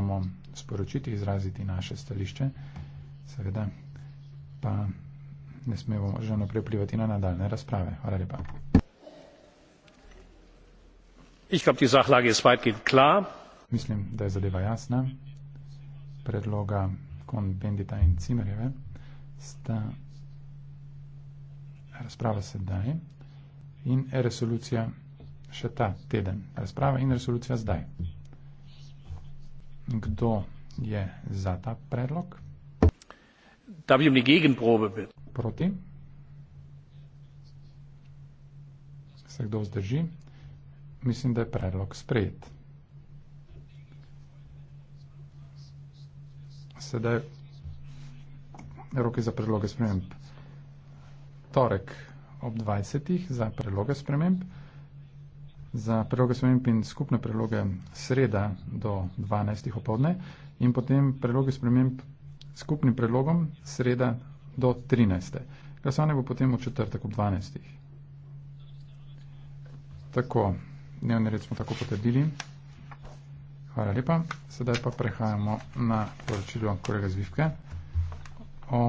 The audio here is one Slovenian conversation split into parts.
moramo sporočiti, izraziti naše stališče, seveda pa ne smemo že naprej plivati na nadaljne razprave. Hvala lepa. Ich glaub, die Sachlage ist weitgehend klar. Mislim, da je zadeva jasna. Predloga Kon Bendita in Cimerjeve sta razprava sedaj in resolucija še ta teden. Razprava in resolucija zdaj. Kdo je za ta predlog? Er Proti. Se kdo vzdrži? Mislim, da je predlog sprejet. Sedaj roki za predloge sprememb. Torek ob 20. za predloge sprememb za predloge sprememb in skupne predloge sreda do 12. popovdne in potem predloge sprememb skupnim predlogom sreda do 13. Glasovanje bo potem v četrtek ob 12. Tako, dnevni red smo tako potrdili. Hvala lepa. Sedaj pa prehajamo na poročilo kolega Zvivke o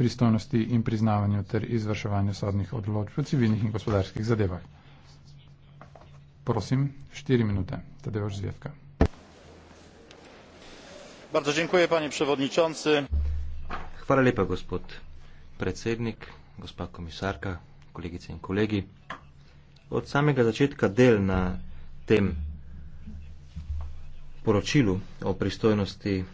pristojnosti in priznavanju ter izvrševanju sodnih odločb v civilnih in gospodarskih zadevah. Prosim, 4 minuty. Tadeusz Zwiewka. Bardzo dziękuję, panie przewodniczący. Chwała lepa, gospod predsednik, gospa komisarka, kolegice i kolegi. Od samega začetka del na tem poročilu o pristojnosti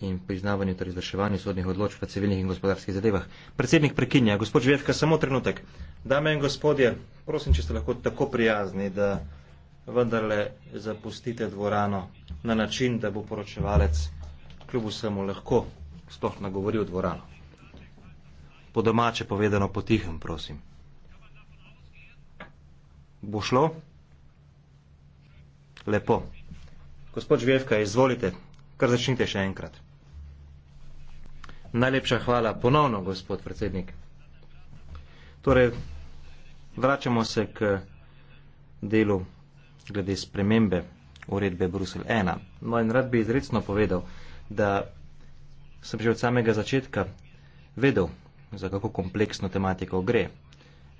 in priznavanju ter izvrševanju sodnih odločb v civilnih in gospodarskih zadevah. Predsednik prekinja, gospod Živjevka, samo trenutek. Dame in gospodje, prosim, če ste lahko tako prijazni, da vendarle zapustite dvorano na način, da bo poročevalec kljub vsemu lahko sploh nagovoril dvorano. Po domače povedano potihem, prosim. Bo šlo? Lepo. Gospod Žvjevka, izvolite, kar začnite še enkrat. Najlepša hvala ponovno, gospod predsednik. Torej, vračamo se k delu glede spremembe uredbe Brusel 1. No in rad bi izredno povedal, da sem že od samega začetka vedel, za kako kompleksno tematiko gre.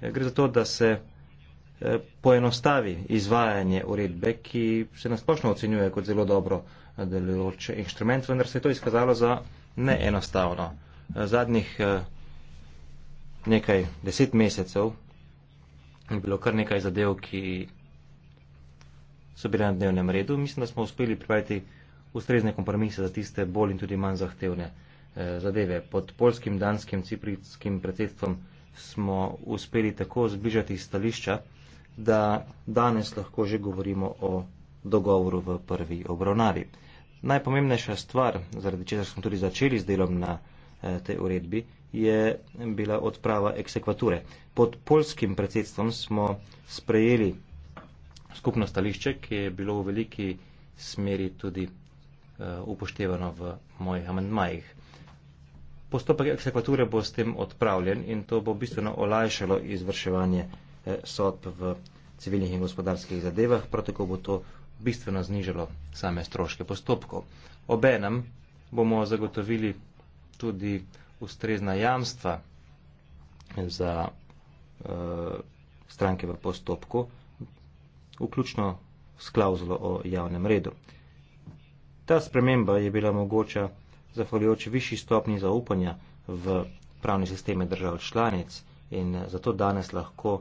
E, gre za to, da se e, poenostavi izvajanje uredbe, ki se nasplošno ocenjuje kot zelo dobro e, delujoč inštrument, vendar se je to izkazalo za neenostavno. Zadnjih nekaj deset mesecev je bilo kar nekaj zadev, ki so bile na dnevnem redu. Mislim, da smo uspeli pripraviti ustrezne kompromise za tiste bolj in tudi manj zahtevne eh, zadeve. Pod polskim, danskim, ciprickim predsedstvom smo uspeli tako zbližati stališča, da danes lahko že govorimo o dogovoru v prvi obravnavi. Najpomembnejša stvar, zaradi česar smo tudi začeli z delom na eh, tej uredbi, je bila odprava eksekvature. Pod polskim predsedstvom smo sprejeli skupno stališče, ki je bilo v veliki smeri tudi eh, upoštevano v mojih amendmajih. Postopek eksekvature bo s tem odpravljen in to bo bistveno olajšalo izvrševanje eh, sodb v civilnih in gospodarskih zadevah, prav tako bo to bistveno znižalo same stroške postopkov. Obenem bomo zagotovili tudi ustrezna jamstva za uh, stranke v postopku, uh, vključno s klauzulo o javnem redu. Ta sprememba je bila mogoča zahvaljujoč višji stopni zaupanja v pravne sisteme držav članic in zato danes lahko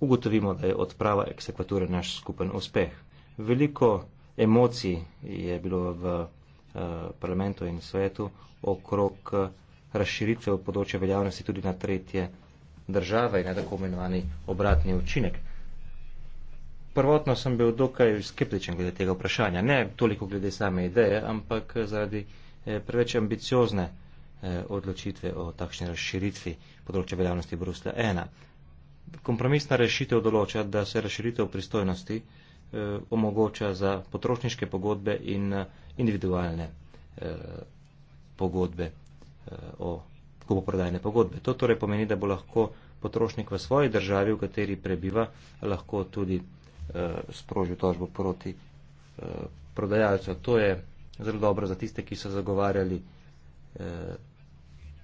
ugotovimo, da je odprava eksekvature naš skupen uspeh. Veliko emocij je bilo v eh, parlamentu in svetu okrog eh, razširitve v področju veljavnosti tudi na tretje države in na tako imenovani obratni učinek prvotno sem bil dokaj skeptičen glede tega vprašanja. Ne toliko glede same ideje, ampak zaradi eh, preveč ambiciozne eh, odločitve o takšni razširitvi področja veljavnosti Brusla 1. Kompromisna rešitev določa, da se razširitev pristojnosti eh, omogoča za potrošniške pogodbe in individualne pogodbe o kupoprodajne pogodbe. To torej pomeni, da bo lahko potrošnik v svoji državi, v kateri prebiva, lahko tudi eh, sprožil tožbo proti eh, prodajalcu. To je zelo dobro za tiste, ki so zagovarjali eh,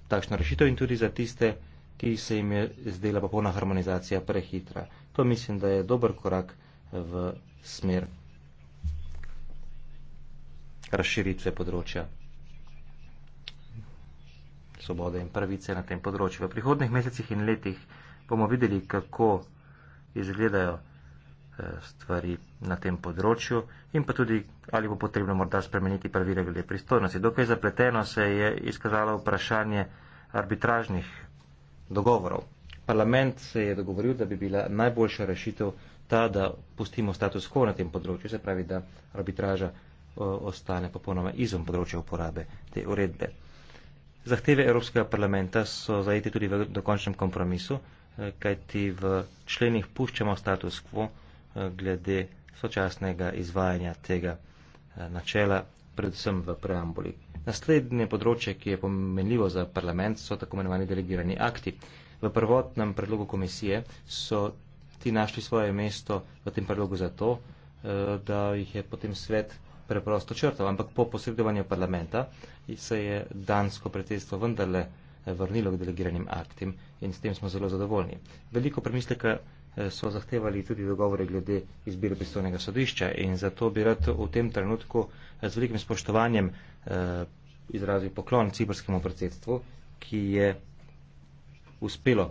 takšno rešitev in tudi za tiste, ki se jim je zdela popolna harmonizacija prehitra. To mislim, da je dober korak eh, v smer razširitve področja svobode in pravice na tem področju. V prihodnih mesecih in letih bomo videli, kako izgledajo. Eh, stvari na tem področju in pa tudi, ali bo potrebno morda spremeniti pravile glede pristojnosti. Dokaj zapleteno se je izkazalo vprašanje arbitražnih dogovorov. Parlament se je dogovoril, da bi bila najboljša rešitev ta, da pustimo status quo na tem področju, se pravi, da arbitraža eh, ostane popolnoma izven področja uporabe te uredbe. Zahteve Evropskega parlamenta so zajete tudi v dokončnem kompromisu, eh, kajti v členih puščamo status quo Eh, glede sočasnega izvajanja tega eh, načela, predvsem v preambuli. Naslednje področje, ki je pomenljivo za parlament, so tako imenovani delegirani akti. V prvotnem predlogu komisije so ti našli svoje mesto v tem predlogu zato, eh, da jih je potem svet preprosto črtal, ampak po posredovanju parlamenta se je dansko predsedstvo vendarle vrnilo k delegiranim aktim in s tem smo zelo zadovoljni. Veliko premisleka Eh, so zahtevali tudi dogovore glede izbire pristojnega sodišča in zato bi rad v tem trenutku eh, z velikim spoštovanjem eh, izrazil poklon ciprskemu predsedstvu, ki je uspelo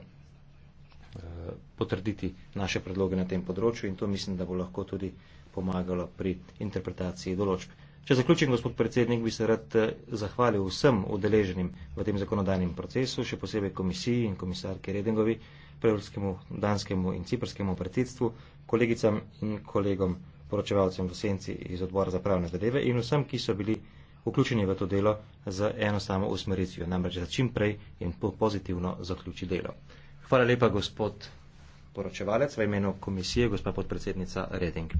potrditi naše predloge na tem področju in to mislim, da bo lahko tudi pomagalo pri interpretaciji določb. Če zaključim, gospod predsednik, bi se rad zahvalil vsem udeleženim v tem zakonodajnem procesu, še posebej komisiji in komisarki Redingovi, preurskemu, danskemu in ciprskemu predsedstvu, kolegicam in kolegom poročevalcem v senci iz odbora za pravne zadeve in vsem, ki so bili vključeni v to delo z eno samo usmeritvijo, namreč za čim prej in pozitivno zaključi delo. Hvala lepa, gospod poročevalec, v imenu komisije, gospa podpredsednica Reding.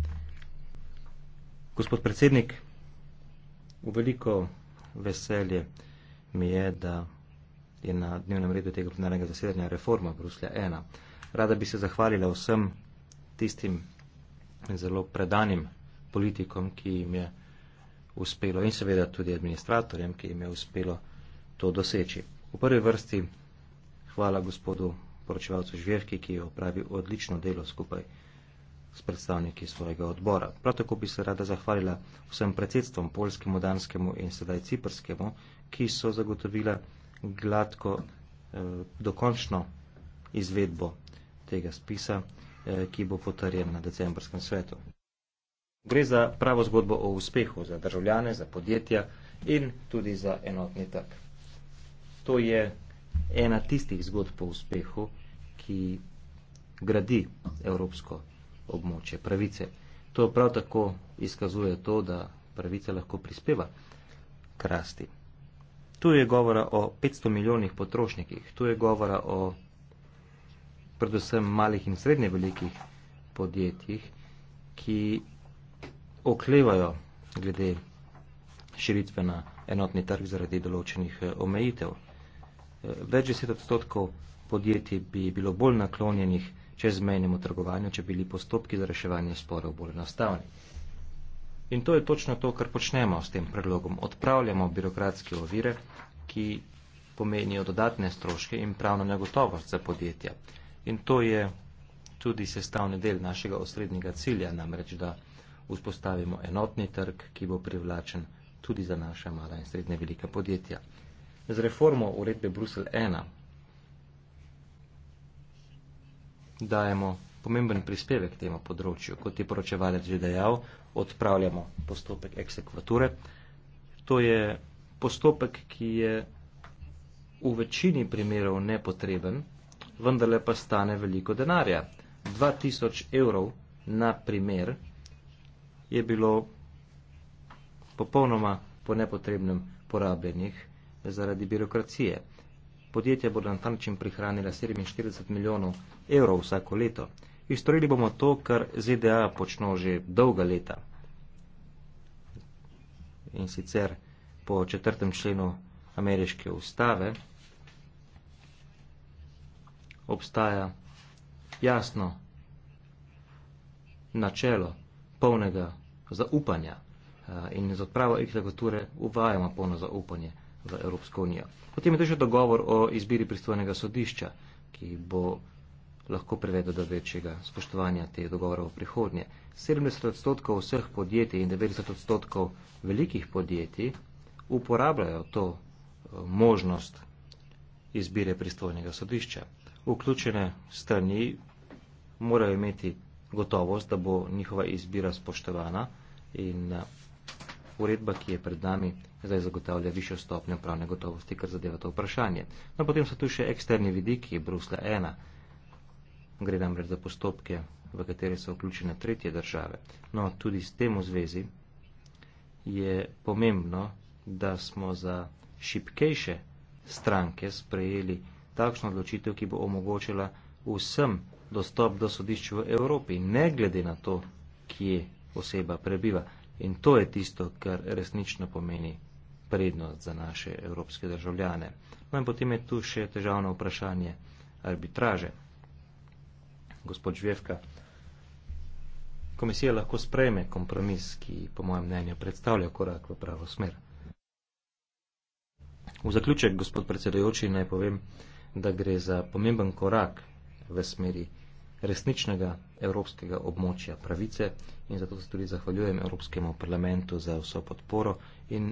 Gospod predsednik, v veliko veselje mi je, da je na dnevnem redu tega plenarnega zasedanja reforma Bruslja 1. Rada bi se zahvalila vsem tistim zelo predanim politikom, ki jim je uspelo in seveda tudi administratorjem, ki jim je uspelo to doseči. V prvi vrsti hvala gospodu poročevalcu Žvirki, ki je opravil odlično delo skupaj s predstavniki svojega odbora. Prav tako bi se rada zahvalila vsem predsedstvom, polskemu, danskemu in sedaj ciprskemu, ki so zagotovila gladko, eh, dokončno izvedbo tega spisa, eh, ki bo potrjen na decembrskem svetu. Gre za pravo zgodbo o uspehu za državljane, za podjetja in tudi za enotni trg. To je ena tistih zgodb po uspehu, ki gradi evropsko območje pravice. To prav tako izkazuje to, da pravica lahko prispeva k rasti. Tu je govora o 500 milijonih potrošnikih, tu je govora o predvsem malih in srednje velikih podjetjih, ki oklevajo glede širitve na enotni trg zaradi določenih eh, omejitev. Eh, več deset odstotkov podjetij bi bilo bolj naklonjenih čezmejnemu trgovanju, če bili postopki za reševanje sporov bolj enostavni. In to je točno to, kar počnemo s tem predlogom. Odpravljamo birokratske ovire, ki pomenijo dodatne stroške in pravno negotovost za podjetja. In to je tudi sestavni del našega osrednjega cilja, namreč da vzpostavimo enotni trg, ki bo privlačen tudi za naša mala in srednje velika podjetja. Z reformo uredbe Brusel 1 dajemo pomemben prispevek k temu področju. Kot je poročevalec že dejal, odpravljamo postopek eksekvature. To je postopek, ki je v večini primerov nepotreben, vendarle pa stane veliko denarja. 2000 evrov na primer je bilo popolnoma po nepotrebnem porabljenih zaradi birokracije. Podjetja bodo na ta način prihranila 47 milijonov evrov vsako leto in storili bomo to, kar ZDA počno že dolga leta. In sicer po četrtem členu ameriške ustave obstaja jasno načelo polnega zaupanja eh, in z odpravo ekstrakulture uvajamo polno zaupanje v Evropsko unijo. Potem je tu še dogovor o izbiri pristojnega sodišča, ki bo lahko privede do večjega spoštovanja teh dogovorov v prihodnje. 70 odstotkov vseh podjetij in 90 odstotkov velikih podjetij uporabljajo to eh, možnost izbire pristojnega sodišča. Vključene strani morajo imeti gotovost, da bo njihova izbira spoštovana in eh, uredba, ki je pred nami, zdaj zagotavlja višjo stopnjo pravne gotovosti, kar zadeva to vprašanje. No, potem so tu še eksterni vidiki, Brusla 1 gre namreč za postopke, v katere so vključene tretje države. No, tudi s tem v zvezi je pomembno, da smo za šipkejše stranke sprejeli takšno odločitev, ki bo omogočila vsem dostop do sodišč v Evropi, ne glede na to, kje oseba prebiva. In to je tisto, kar resnično pomeni prednost za naše evropske državljane. No in potem je tu še težavno vprašanje arbitraže gospod Žvevka. Komisija lahko sprejme kompromis, ki po mojem mnenju predstavlja korak v pravo smer. V zaključek, gospod predsedojoči, naj povem, da gre za pomemben korak v smeri resničnega evropskega območja pravice in zato se tudi zahvaljujem Evropskemu parlamentu za vso podporo in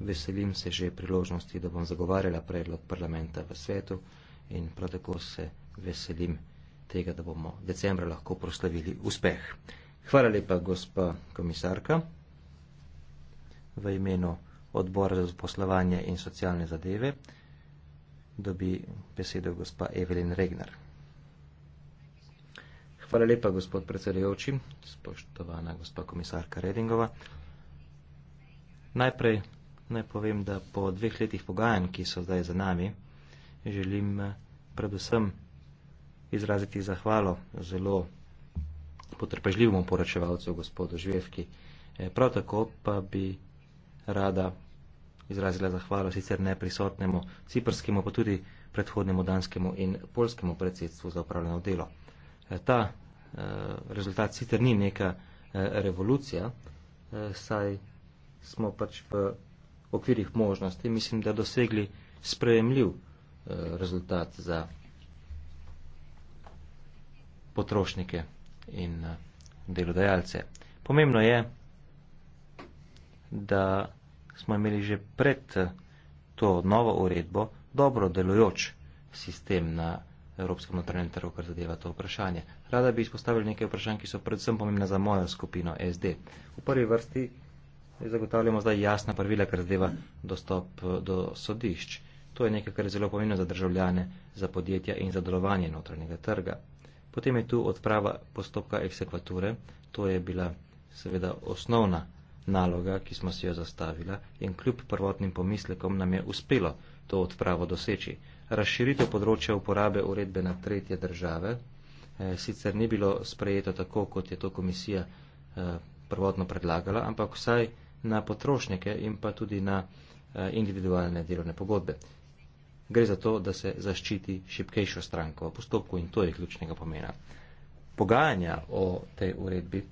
veselim se že priložnosti, da bom zagovarjala predlog parlamenta v svetu in prav tako se veselim tega, da bomo decembra lahko proslavili uspeh. Hvala lepa, gospa komisarka, v imenu odbora za poslovanje in socialne zadeve dobi besedo gospa Evelin Regnar. Hvala lepa, gospod predsedujoči, spoštovana gospa komisarka Redingova. Najprej naj povem, da po dveh letih pogajanj, ki so zdaj za nami, želim predvsem izraziti zahvalo zelo potrpežljivemu poročevalcu, gospodu Žvevki. E, prav tako pa bi rada izrazila zahvalo sicer neprisotnemu ciprskemu, pa tudi predhodnemu danskemu in polskemu predsedstvu za upravljeno delo. E, ta e, rezultat sicer ni neka revolucija, saj smo pač v okvirih možnosti, mislim, da dosegli sprejemljiv rezultat za potrošnike in eh, delodajalce. Pomembno je, da smo imeli že pred eh, to novo uredbo dobro delojoč sistem na Evropskem notranjem trgu, kar zadeva to vprašanje. Rada bi izpostavili nekaj vprašanj, ki so predvsem pomembna za mojo skupino SD. V prvi vrsti zagotavljamo zdaj jasna pravila, kar zadeva dostop eh, do sodišč. To je nekaj, kar je zelo pomembno za državljane, za podjetja in za delovanje notranjega trga. Potem je tu odprava postopka eksekvature, to je bila seveda osnovna naloga, ki smo si jo zastavila in kljub prvotnim pomislekom nam je uspelo to odpravo doseči. Razširitev področja uporabe uredbe na tretje države eh, sicer ni bilo sprejeto tako, kot je to komisija eh, prvotno predlagala, ampak vsaj na potrošnike in pa tudi na eh, individualne delovne pogodbe gre za to, da se zaščiti šipkejšo stranko v postopku in to je ključnega pomena. Pogajanja o tej uredbi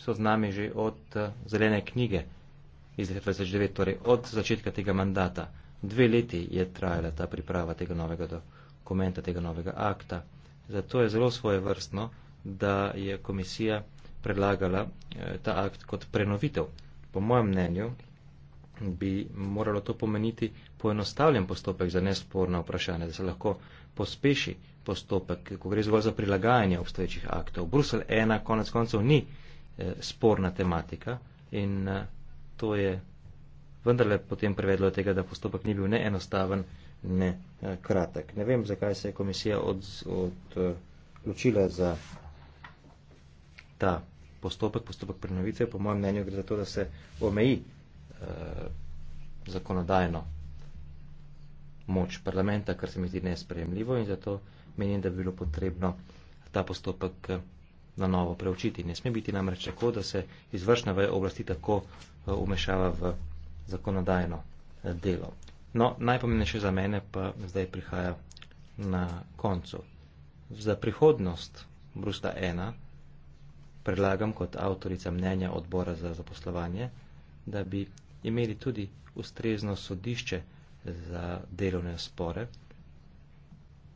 so z nami že od eh, zelene knjige iz 2009, torej od začetka tega mandata. Dve leti je trajala ta priprava tega novega dokumenta, tega novega akta. Zato je zelo svojevrstno, da je komisija predlagala eh, ta akt kot prenovitev. Po mojem mnenju bi moralo to pomeniti poenostavljen postopek za nesporna vprašanja, da se lahko pospeši postopek, ko gre zgolj za prilagajanje obstoječih aktov. Brusel ena konec koncev ni eh, sporna tematika in eh, to je vendarle potem privedlo do tega, da postopek ni bil ne enostaven, ne eh, kratek. Ne vem, zakaj se je komisija odločila od, od, eh, za ta postopek, postopek prenovitve. Po mojem mnenju gre za to, da se omeji eh, zakonodajno moč parlamenta, kar se mi zdi nespremljivo in zato menim, da bi bilo potrebno ta postopek eh, na novo preučiti. Ne sme biti namreč tako, da se izvršna veja oblasti tako umešava eh, v zakonodajno eh, delo. No, najpomembnejše za mene pa zdaj prihaja na koncu. Za prihodnost Brusta 1 predlagam kot avtorica mnenja odbora za zaposlovanje, da bi imeli tudi ustrezno sodišče, za delovne spore,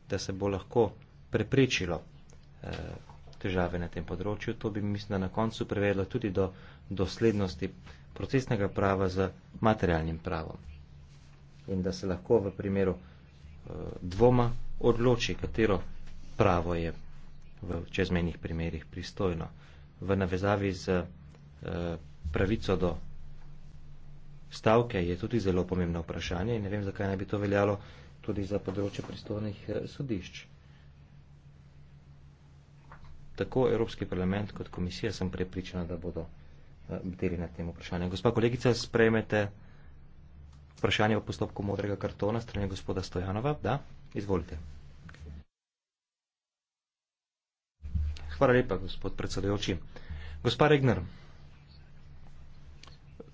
da se bo lahko preprečilo eh, težave na tem področju. To bi, mislim, na koncu privedlo tudi do doslednosti procesnega prava z materialnim pravom. In da se lahko v primeru eh, dvoma odloči, katero pravo je v čezmenih primerih pristojno. V navezavi z eh, pravico do stavke je tudi zelo pomembno vprašanje in ne vem, zakaj naj bi to veljalo tudi za področje pristojnih eh, sodišč. Tako Evropski parlament kot komisija sem prepričana, da bodo eh, bdeli na tem vprašanju. Gospa kolegica, sprejmete vprašanje o postopku modrega kartona strani gospoda Stojanova. Da, izvolite. Hvala lepa, gospod predsedujoči. Gospa Regner,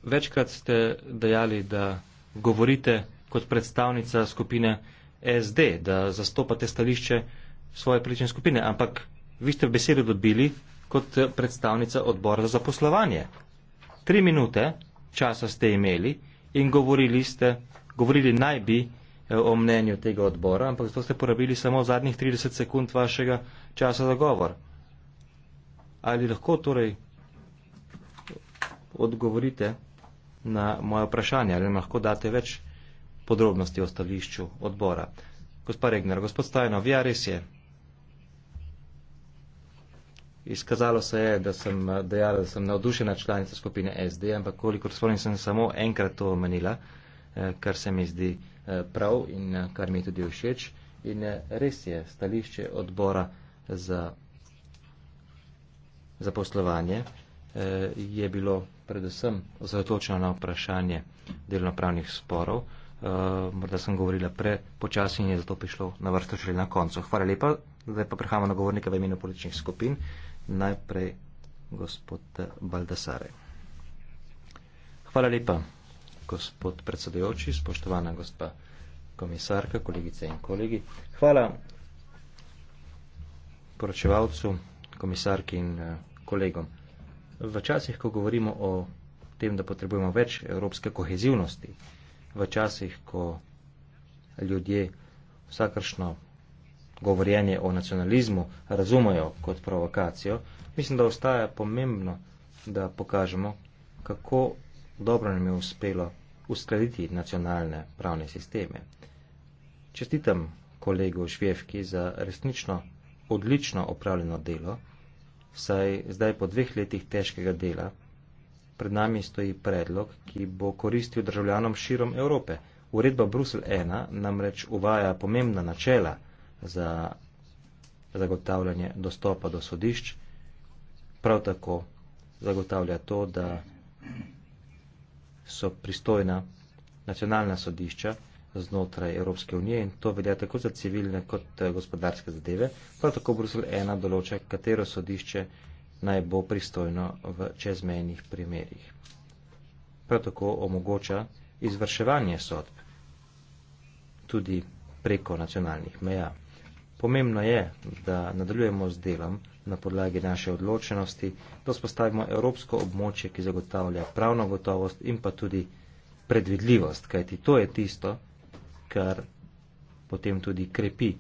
Večkrat ste dejali, da govorite kot predstavnica skupine SD, da zastopate stališče svoje prične skupine, ampak vi ste besedo dobili kot predstavnica odbora za poslovanje. Tri minute časa ste imeli in govorili ste, govorili naj bi eh, o mnenju tega odbora, ampak zato ste porabili samo zadnjih 30 sekund vašega časa za govor. Ali lahko torej odgovorite? na moje vprašanje, ali lahko date več podrobnosti o stališču odbora. Gospa Regner, gospod Stajno, vi ja, res je. Izkazalo se je, da sem dejala, da sem navdušena članica skupine SD, ampak kolikor spomnim, sem samo enkrat to omenila, eh, kar se mi zdi eh, prav in eh, kar mi je tudi všeč. In res je, stališče odbora za, za poslovanje je bilo predvsem osredotočena na vprašanje delnopravnih sporov. Uh, morda sem govorila prepočasi in je zato prišlo na vrsto šele na koncu. Hvala lepa. Zdaj pa prehajamo na govornika v imenu političnih skupin. Najprej gospod Baldasare. Hvala lepa, gospod predsedujoči, spoštovana gospa komisarka, kolegice in kolegi. Hvala poročevalcu, komisarki in eh, kolegom. V časih, ko govorimo o tem, da potrebujemo več evropske kohezivnosti, v časih, ko ljudje vsakršno govorjenje o nacionalizmu razumejo kot provokacijo, mislim, da ostaja pomembno, da pokažemo, kako dobro nam je uspelo uskladiti nacionalne pravne sisteme. Čestitam kolegu Švjevki za resnično odlično opravljeno delo vsaj zdaj po dveh letih težkega dela, pred nami stoji predlog, ki bo koristil državljanom širom Evrope. Uredba Brusel 1 namreč uvaja pomembna načela za zagotavljanje dostopa do sodišč, prav tako zagotavlja to, da so pristojna nacionalna sodišča znotraj Evropske unije in to velja tako za civilne kot eh, gospodarske zadeve. Prav tako Brusel 1 določa, katero sodišče naj bo pristojno v čezmejnih primerjih. Prav tako omogoča izvrševanje sodb tudi preko nacionalnih meja. Pomembno je, da nadaljujemo z delom na podlagi naše odločenosti, da spostavimo evropsko območje, ki zagotavlja pravno gotovost in pa tudi predvidljivost, kajti to je tisto, kar potem tudi krepi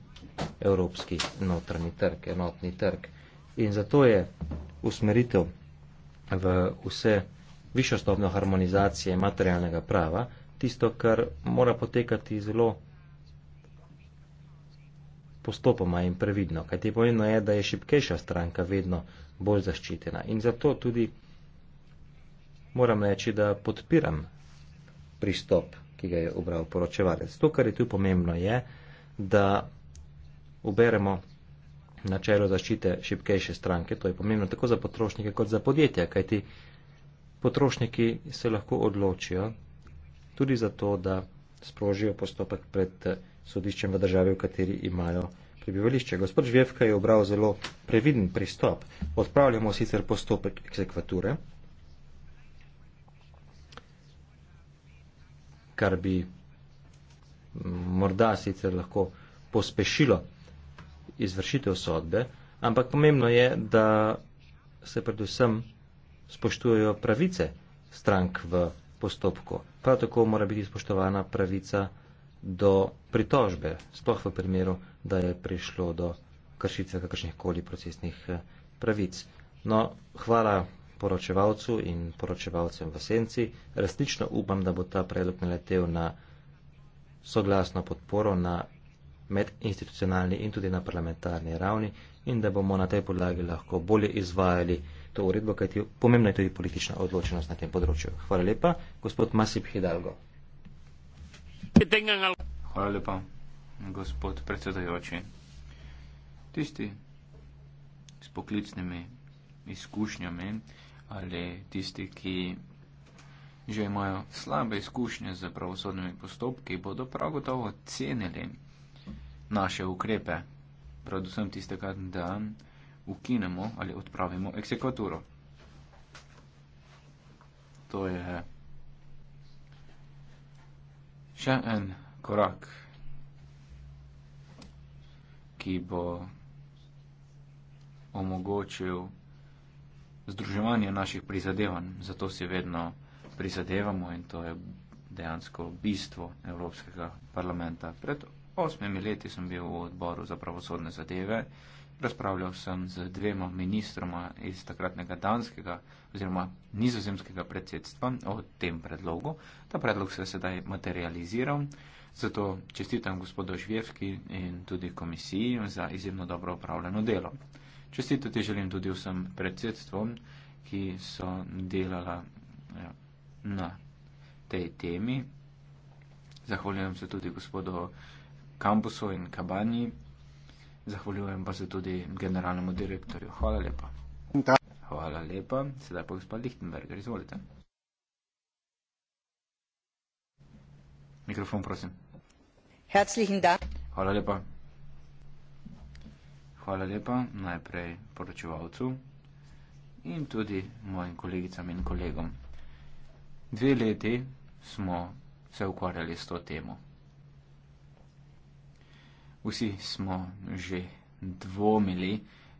evropski notranji trg, enotni trg. In zato je usmeritev v vse višjo stopno harmonizacije materialnega prava tisto, kar mora potekati zelo postopoma in previdno. Kajti pomembno je, da je šipkejša stranka vedno bolj zaščitena. In zato tudi moram reči, da podpiram pristop ki ga je obral poročevalec. To, kar je tu pomembno, je, da uberemo načelo zaščite šipkejše stranke. To je pomembno tako za potrošnike kot za podjetja, kajti potrošniki se lahko odločijo tudi za to, da sprožijo postopek pred eh, sodiščem v državi, v kateri imajo prebivališče. Gospod Žvevka je obral zelo previden pristop. Odpravljamo sicer postopek eksekvature, kar bi morda sicer lahko pospešilo izvršitev sodbe, ampak pomembno je, da se predvsem spoštujejo pravice strank v postopku. Prav tako mora biti spoštovana pravica do pritožbe, sploh v primeru, da je prišlo do kršitve kakršnih koli procesnih eh, pravic. No, hvala poročevalcu in poročevalcem v senci. Resnično upam, da bo ta predlog naletel na soglasno podporo na medinstitucionalni in tudi na parlamentarni ravni in da bomo na tej podlagi lahko bolje izvajali to uredbo, kajti pomembna je tudi politična odločenost na tem področju. Hvala lepa, gospod Masip Hidalgo. Hvala lepa, gospod predsedajoči. Tisti s poklicnimi izkušnjami, ali tisti, ki že imajo slabe izkušnje z pravosodnimi postopki, bodo prav gotovo cenili naše ukrepe, predvsem tistega, da ukinemo ali odpravimo eksekvaturo. To je še en korak, ki bo omogočil združevanje naših prizadevanj. Zato si vedno prizadevamo in to je dejansko bistvo Evropskega parlamenta. Pred osmimi leti sem bil v odboru za pravosodne zadeve, razpravljal sem z dvema ministroma iz takratnega danskega oziroma nizozemskega predsedstva o tem predlogu. Ta predlog se je sedaj materializiral. Zato čestitam gospodu Žvjevski in tudi komisiji za izjemno dobro upravljeno delo. Čestitati želim tudi vsem predsedstvom, ki so delala ja, na tej temi. Zahvaljujem se tudi gospodu Kampusu in Kabani. Zahvaljujem pa se tudi generalnemu direktorju. Hvala lepa. Hvala lepa. Sedaj pa gospod Lichtenberger, izvolite. Mikrofon, prosim. Hvala lepa. Hvala lepa najprej poročevalcu in tudi mojim kolegicam in kolegom. Dve leti smo se ukvarjali s to temo. Vsi smo že dvomili,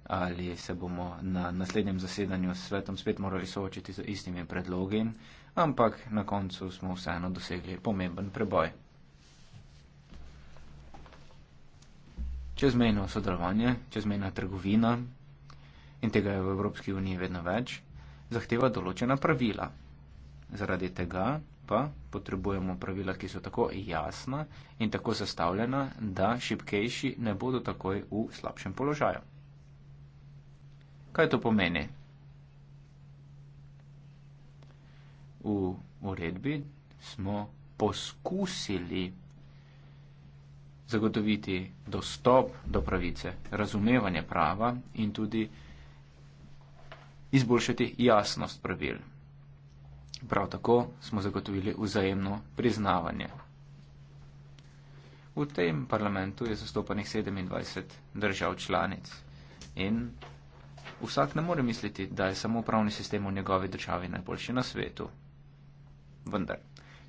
ali se bomo na naslednjem zasedanju s svetom spet morali soočiti z istimi predlogi, ampak na koncu smo vseeno dosegli pomemben preboj. čezmejno sodelovanje, čezmejna trgovina in tega je v Evropski uniji vedno več, zahteva določena pravila. Zaradi tega pa potrebujemo pravila, ki so tako jasna in tako sestavljena, da šipkejši ne bodo takoj v slabšem položaju. Kaj to pomeni? V uredbi smo poskusili zagotoviti dostop do pravice, razumevanje prava in tudi izboljšati jasnost pravil. Prav tako smo zagotovili vzajemno priznavanje. V tem parlamentu je zastopanih 27 držav članic in vsak ne more misliti, da je samo pravni sistem v njegovi državi najboljši na svetu. Vendar,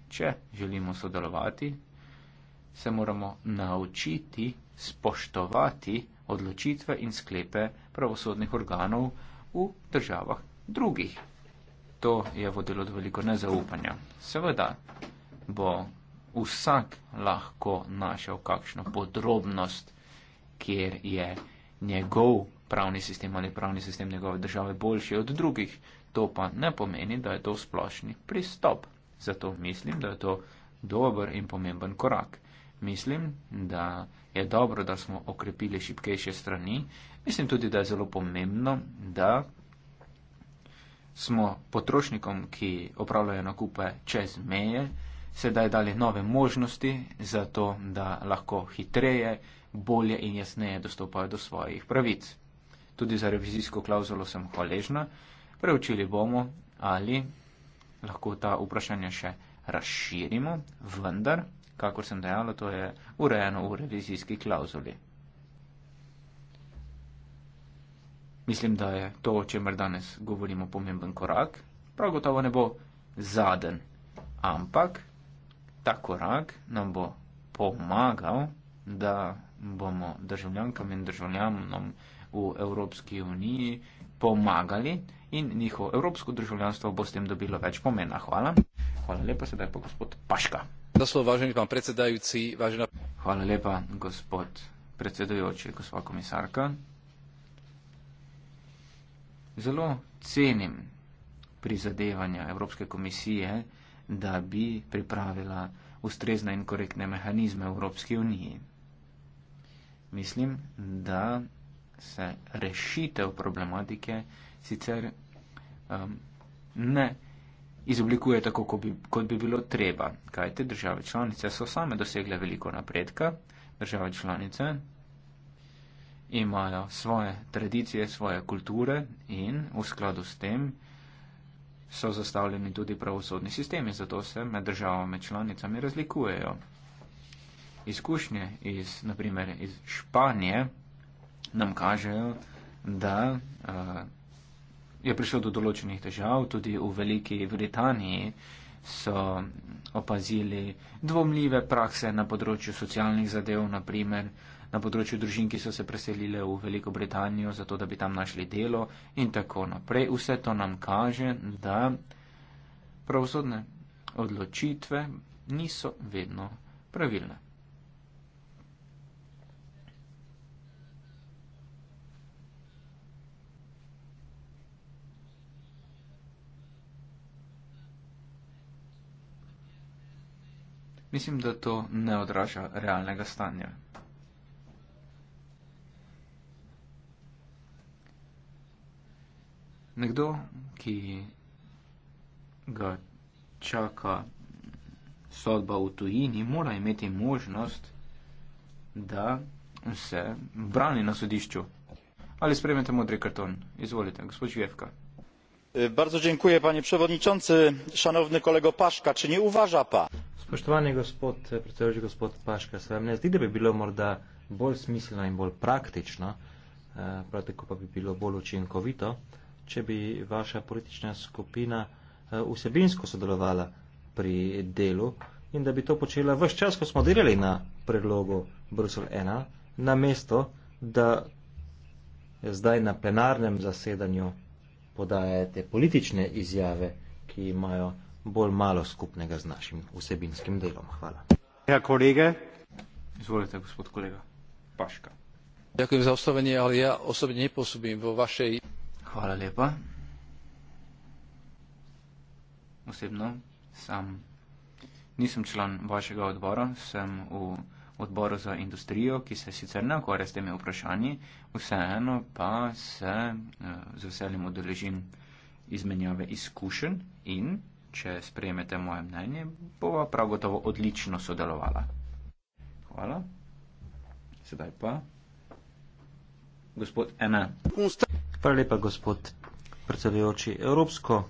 če želimo sodelovati, se moramo naučiti spoštovati odločitve in sklepe pravosodnih organov v državah drugih. To je vodilo do veliko nezaupanja. Seveda bo vsak lahko našel kakšno podrobnost, kjer je njegov pravni sistem ali pravni sistem njegove države boljši od drugih. To pa ne pomeni, da je to splošni pristop. Zato mislim, da je to dober in pomemben korak. Mislim, da je dobro, da smo okrepili šipkejše strani. Mislim tudi, da je zelo pomembno, da smo potrošnikom, ki opravljajo nakupe čez meje, sedaj dali nove možnosti za to, da lahko hitreje, bolje in jasneje dostopajo do svojih pravic. Tudi za revizijsko klauzulo sem hvaležna. Preučili bomo, ali lahko ta vprašanja še razširimo, vendar kakor sem dejala, to je urejeno v revizijski klauzuli. Mislim, da je to, o čemer danes govorimo, pomemben korak. Prav gotovo ne bo zaden, ampak ta korak nam bo pomagal, da bomo državljankam in državljanom v Evropski uniji pomagali in njihovo evropsko državljanstvo bo s tem dobilo več pomena. Hvala. Hvala lepa, sedaj pa gospod Paška za slovo, vážený pán predsedajúci, vážená... Hvala lepa, gospod predsedujoči, gospa komisarka. Zelo cenim prizadevanja Evropske komisije, da bi pripravila ustrezne in korektne mehanizme Evropske unije. Mislim, da se rešitev problematike sicer um, ne izoblikuje tako, kot bi, kot bi bilo treba. Kaj te države članice so same dosegle veliko napredka, države članice imajo svoje tradicije, svoje kulture in v skladu s tem so zastavljeni tudi pravosodni sistemi, zato se med državami članicami razlikujejo. Izkušnje iz, naprimer, iz Španije nam kažejo, da uh, je prišlo do določenih težav, tudi v Veliki Britaniji so opazili dvomljive prakse na področju socialnih zadev, naprimer na področju družin, ki so se preselile v Veliko Britanijo, zato da bi tam našli delo in tako naprej. Vse to nam kaže, da pravosodne odločitve niso vedno pravilne. Mislim, da to ne odraža realnega stanja. Nekdo, ki ga čaka sodba v tujini, mora imeti možnost, da se brani na sodišču. Ali sprejmete modri karton? Izvolite, gospod Žvevka. E, panie przewodniczący szanowny kolego paka czy nie uważa pan spoštovani gospod e, predsedujoči gospod paka se vam ne zdi da bi bilo morda bolj smiselno in bolj praktično e, prav tako pa bi bilo bolj učinkovito če bi vaša politična skupina vsebinsko sodelovala pri delu in da bi to počela ves čas ko smo delali na predlogu bruselj ena namesto da zdaj na plenarnem zasedanju podajate politične izjave, ki imajo bolj malo skupnega z našim vsebinskim delom. Hvala. Ja, kolege, izvolite, gospod kolega Paška. Dakujem za ostavanje, ali ja osobno ne posobim v vašej... Hvala lepa. Osebno, sam nisem član vašega odbora, sem v... U odboru za industrijo, ki se sicer ne ukvarja s temi vprašanji, vseeno pa se uh, z veseljem odeležim izmenjave izkušenj in, če sprejmete moje mnenje, bo prav gotovo odlično sodelovala. Hvala. Sedaj pa. Gospod Ena. Hvala lepa, gospod predsedujoči. Evropsko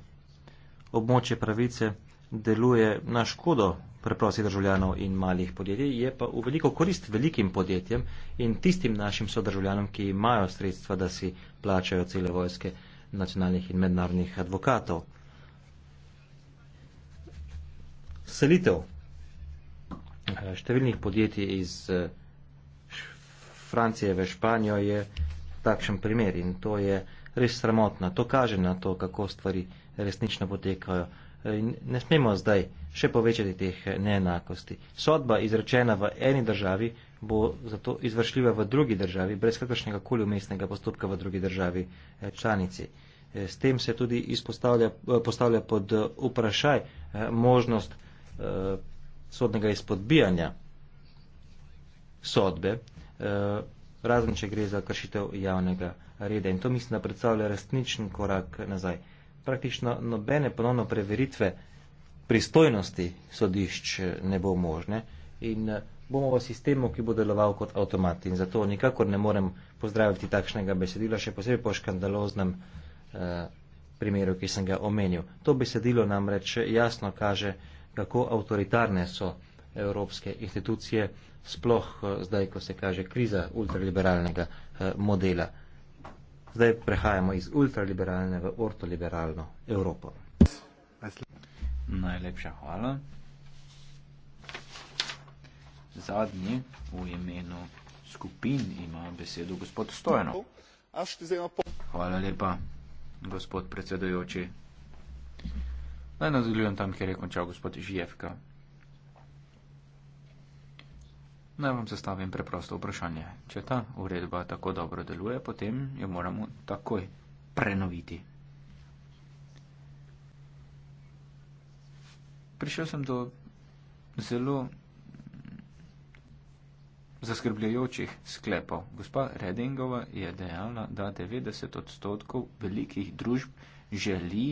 območje pravice deluje na škodo preprostih državljanov in malih podjetij, je pa v veliko korist velikim podjetjem in tistim našim sodržavljanom, ki imajo sredstva, da si plačajo cele vojske nacionalnih in mednarodnih advokatov. Selitev eh, številnih podjetij iz eh, Francije v Španijo je takšen primer in to je res sramotno. To kaže na to, kako stvari resnično potekajo ne smemo zdaj še povečati teh neenakosti. Sodba izrečena v eni državi bo zato izvršljiva v drugi državi, brez kakršnega koli umestnega postopka v drugi državi eh, članici. Eh, s tem se tudi eh, postavlja pod vprašaj možnost sodnega izpodbijanja sodbe, razen če gre za kršitev javnega reda. In to mislim, da predstavlja resničen korak nazaj praktično nobene ponovno preveritve pristojnosti sodišč ne bo možne in eh, bomo v sistemu, ki bo deloval kot avtomat. In zato nikakor ne morem pozdraviti takšnega besedila, še posebej po škandaloznem eh, primeru, ki sem ga omenil. To besedilo namreč jasno kaže, kako avtoritarne so evropske institucije, sploh eh, zdaj, ko se kaže kriza ultraliberalnega modela. Zdaj prehajamo iz ultraliberalne v ortoliberalno Evropo. Najlepša hvala. Zadnji v imenu skupin ima besedo gospod Stojeno. Hvala lepa, gospod predsedojoči. Naj nadaljujem tam, kjer je končal gospod Žijevka. Naj vam zastavim preprosto vprašanje. Če ta uredba tako dobro deluje, potem jo moramo takoj prenoviti. Prišel sem do zelo zaskrbljajočih sklepov. Gospa Redingova je dejala, da 90 odstotkov velikih družb želi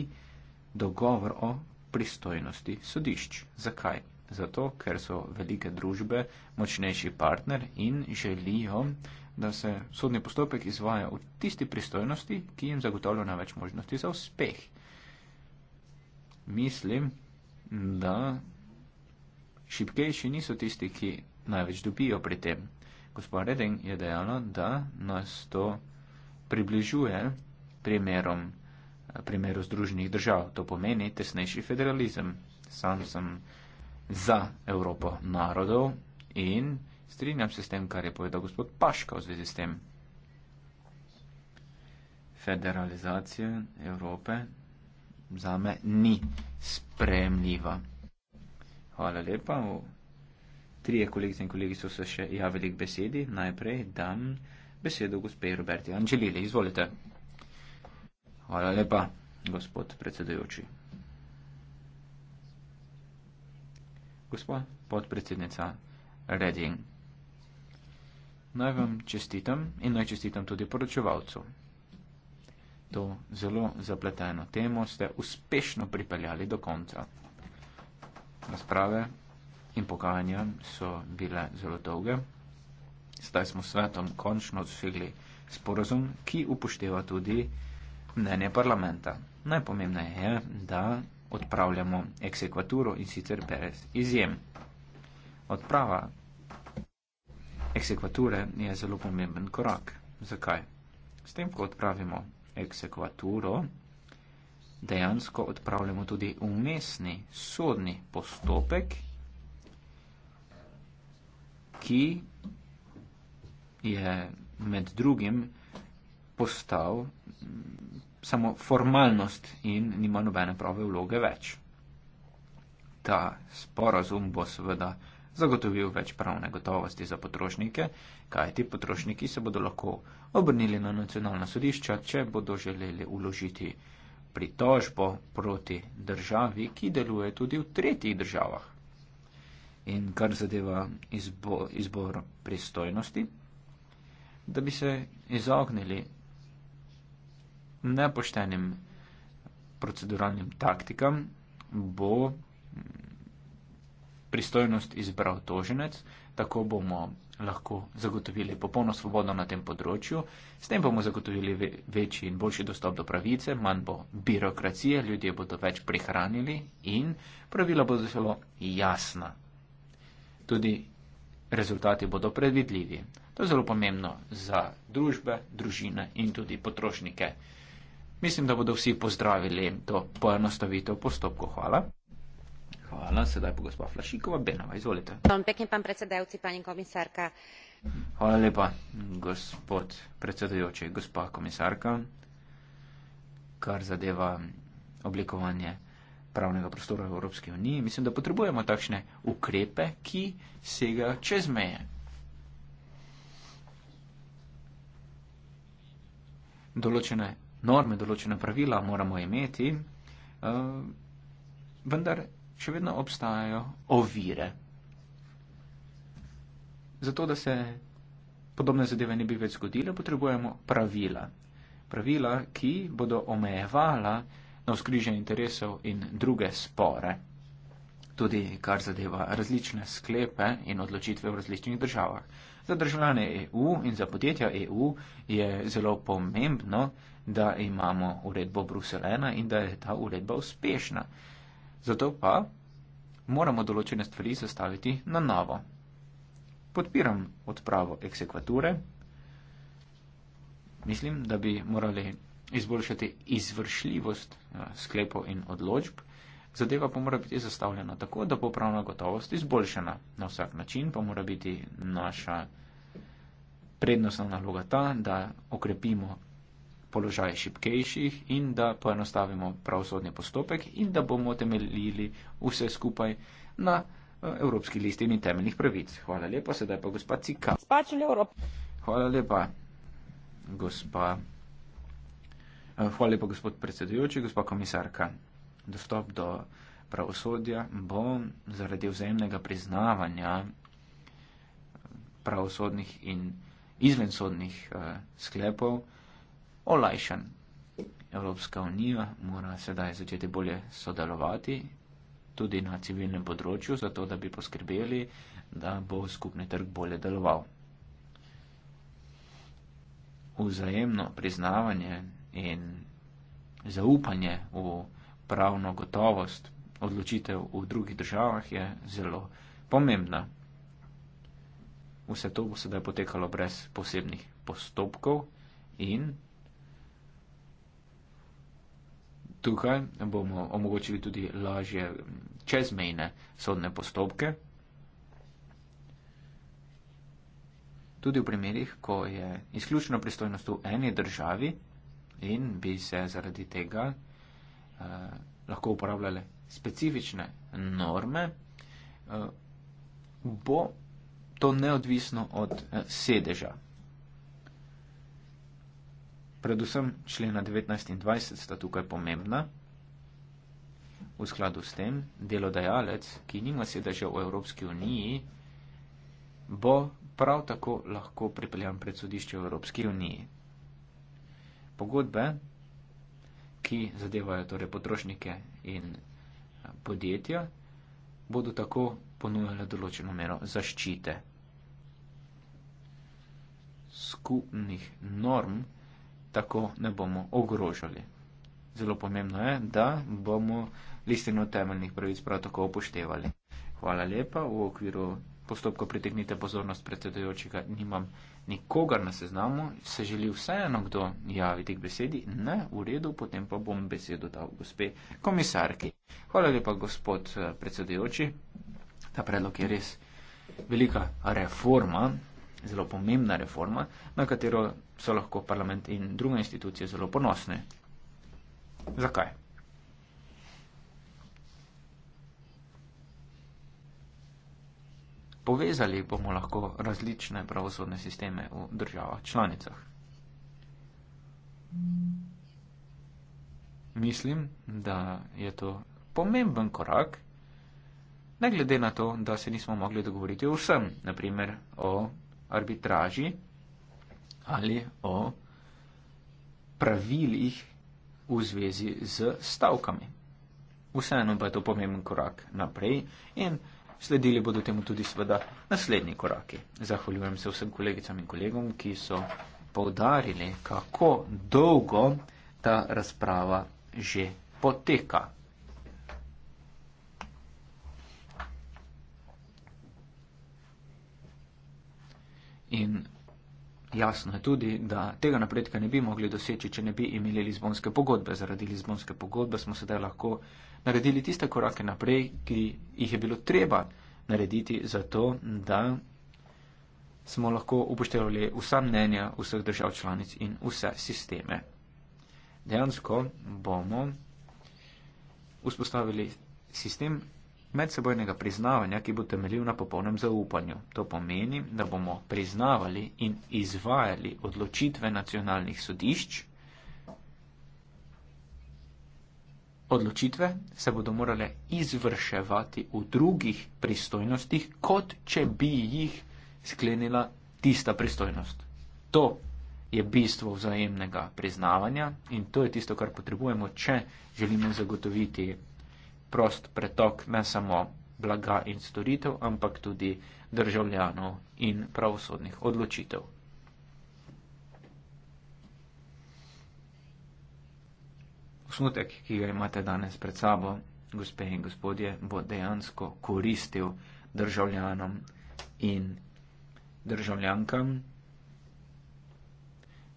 dogovor o pristojnosti sodišč. Zakaj? zato ker so velike družbe močnejši partner in želijo, da se sodni postopek izvaja v tisti pristojnosti, ki jim zagotavlja največ možnosti za uspeh. Mislim, da šipkejši niso tisti, ki največ dobijo pri tem. Gospod Reding je dejala, da nas to približuje primerom, eh, primeru združenih držav. To pomeni tesnejši federalizem. Sam sem za Evropo narodov in strinjam se s tem, kar je povedal gospod Paška v zvezi s tem. Federalizacija Evrope za me ni spremljiva. Hvala lepa. Trije kolegice in kolegi so se še javili k besedi. Najprej dam besedo gospe Roberti Angelili. Izvolite. Hvala lepa, gospod predsedujoči. gospa podpredsednica Reding. Naj vam čestitam in naj čestitam tudi poročevalcu. To zelo zapleteno temo ste uspešno pripeljali do konca. Razprave in pogajanja so bile zelo dolge. Zdaj smo s svetom končno dosegli sporozum, ki upošteva tudi mnenje parlamenta. Najpomembneje je, da odpravljamo eksekvaturo in sicer brez izjem. Odprava eksekvature je zelo pomemben korak. Zakaj? S tem, ko odpravimo eksekvaturo, dejansko odpravljamo tudi umestni sodni postopek, ki je med drugim postal samo formalnost in nima nobene prave vloge več. Ta sporazum bo seveda zagotovil več pravne gotovosti za potrošnike, kajti potrošniki se bodo lahko obrnili na nacionalna sodišča, če bodo želeli uložiti pritožbo proti državi, ki deluje tudi v tretjih državah. In kar zadeva izbo, izbor pristojnosti, da bi se izognili nepoštenim proceduralnim taktikam, bo pristojnost izbral toženec, tako bomo lahko zagotovili popolno svobodo na tem področju, s tem bomo zagotovili večji in boljši dostop do pravice, manj bo birokracije, ljudje bodo več prihranili in pravila bodo zelo jasna. Tudi rezultati bodo predvidljivi. To je zelo pomembno za družbe, družine in tudi potrošnike. Mislim, da bodo vsi pozdravili to poenostavitev postopkov. Hvala. Hvala. Sedaj pa gospod Flašikova, Benova, izvolite. Hvala lepa, gospod predsedujoči, gospa komisarka, kar zadeva oblikovanje pravnega prostora v Evropski uniji. Mislim, da potrebujemo takšne ukrepe, ki sega čez meje. Določene norme, določena pravila moramo imeti, eh, vendar še vedno obstajajo ovire. Zato, da se podobne zadeve ne bi več zgodile, potrebujemo pravila. Pravila, ki bodo omejevala na vzkrižje interesov in druge spore tudi kar zadeva različne sklepe in odločitve v različnih državah. Za državljane EU in za podjetja EU je zelo pomembno, da imamo uredbo Bruselena in da je ta uredba uspešna. Zato pa moramo določene stvari zastaviti na novo. Podpiram odpravo eksekvature. Mislim, da bi morali izboljšati izvršljivost eh, sklepov in odločb. Zadeva pa mora biti zastavljena tako, da bo pravna gotovost izboljšana. Na vsak način pa mora biti naša prednostna naloga ta, da okrepimo položaj šipkejših in da poenostavimo pravosodni postopek in da bomo temeljili vse skupaj na eh, Evropski listini temeljnih pravic. Hvala lepa, sedaj pa gospa Cika. Hvala lepa, gospa. Eh, hvala lepa, gospod predsedujoči, gospa komisarka dostop do pravosodja bo zaradi vzajemnega priznavanja pravosodnih in izvensodnih eh, sklepov olajšan. Evropska unija mora sedaj začeti bolje sodelovati tudi na civilnem področju, zato da bi poskrbeli, da bo skupni trg bolje deloval. Vzajemno priznavanje in zaupanje v pravno gotovost odločitev v drugih državah je zelo pomembna. Vse to bo sedaj potekalo brez posebnih postopkov in tukaj bomo omogočili tudi lažje čezmejne sodne postopke. Tudi v primerih, ko je izključno pristojnost v eni državi in bi se zaradi tega Eh, lahko uporabljale specifične norme, eh, bo to neodvisno od eh, sedeža. Predvsem člena 19 in 20 sta tukaj pomembna. V skladu s tem, delodajalec, ki nima sedeža v Evropski uniji, bo prav tako lahko pripeljan pred sodišče v Evropski uniji. Pogodbe ki zadevajo torej potrošnike in eh, podjetja, bodo tako ponujale določeno mero zaščite. Skupnih norm tako ne bomo ogrožali. Zelo pomembno je, da bomo listino temeljnih pravic prav tako upoštevali. Hvala lepa. V okviru postopka pritegnite pozornost predsedujočega nimam nikogar na seznamu, se želi vseeno kdo javiti k besedi, ne, v redu, potem pa bom besedo dal gospe komisarki. Hvala lepa, gospod eh, predsedujoči. Ta predlog je res velika reforma, zelo pomembna reforma, na katero so lahko parlament in druge institucije zelo ponosne. Zakaj? Povezali bomo lahko različne pravosodne sisteme v državah članicah. Mislim, da je to pomemben korak, ne glede na to, da se nismo mogli dogovoriti o vsem, naprimer o arbitraži ali o pravilih v zvezi z stavkami. Vseeno pa je to pomemben korak naprej in sledili bodo temu tudi seveda naslednji koraki. Zahvaljujem se vsem kolegicam in kolegom, ki so povdarili, kako dolgo ta razprava že poteka. In jasno je tudi, da tega napredka ne bi mogli doseči, če ne bi imeli Lizbonske pogodbe. Zaradi Lizbonske pogodbe smo sedaj lahko naredili tiste korake naprej, ki jih je bilo treba narediti zato, da smo lahko upoštevali vsa mnenja vseh držav članic in vse sisteme. Dejansko bomo vzpostavili sistem medsebojnega priznavanja, ki bo temeljil na popolnem zaupanju. To pomeni, da bomo priznavali in izvajali odločitve nacionalnih sodišč, Odločitve se bodo morale izvrševati v drugih pristojnostih, kot če bi jih sklenila tista pristojnost. To je bistvo vzajemnega priznavanja in to je tisto, kar potrebujemo, če želimo zagotoviti prost pretok ne samo blaga in storitev, ampak tudi državljanov in pravosodnih odločitev. osnutek, ki ga imate danes pred sabo, gospe in gospodje, bo dejansko koristil državljanom in državljankam.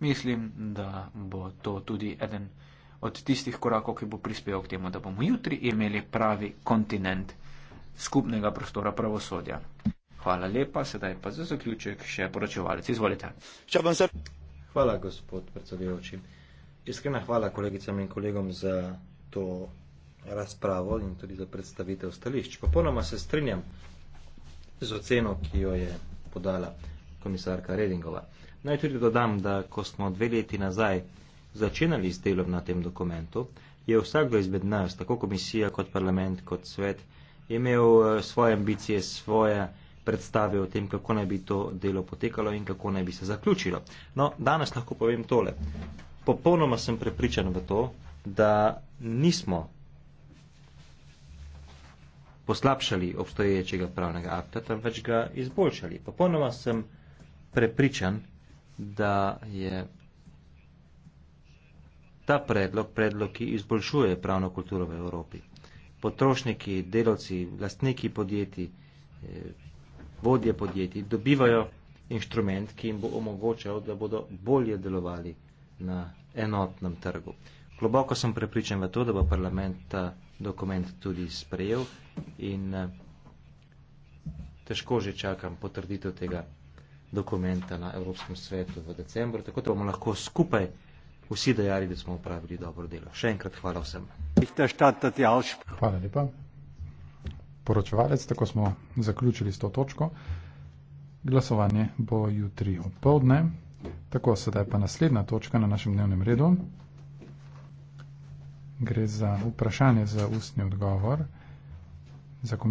Mislim, da bo to tudi eden od tistih korakov, ki bo prispeval k temu, da bomo jutri imeli pravi kontinent skupnega prostora pravosodja. Hvala lepa, sedaj pa za zaključek še poročevalec. Izvolite. Hvala, gospod predsedujoči. Iskrena hvala kolegicam in kolegom za to razpravo in tudi za predstavitev stališč. Popolnoma se strinjam z oceno, ki jo je podala komisarka Redingova. Naj tudi dodam, da ko smo dve leti nazaj začenjali s delom na tem dokumentu, je vsakdo izmed nas, tako komisija kot parlament kot svet, imel eh, svoje ambicije, svoje predstave o tem, kako naj bi to delo potekalo in kako naj bi se zaključilo. No, danes lahko povem tole popolnoma sem prepričan v to, da nismo poslabšali obstoječega pravnega akta, temveč ga izboljšali. Popolnoma sem prepričan, da je ta predlog predlog, ki izboljšuje pravno kulturo v Evropi. Potrošniki, delavci, lastniki podjetij, eh, vodje podjetij dobivajo inštrument, ki jim bo omogočal, da bodo bolje delovali na enotnem trgu. Globoko sem prepričan v to, da bo parlament ta dokument tudi sprejel in eh, težko že čakam potrditev tega dokumenta na Evropskem svetu v decembru, tako da bomo lahko skupaj vsi dejali, da smo upravili dobro delo. Še enkrat hvala vsem. Hvala lepa. Poročevalec, tako smo zaključili s to točko. Glasovanje bo jutri opoldne. Tako, sedaj pa naslednja točka na našem dnevnem redu. Gre za vprašanje za ustni odgovor. Za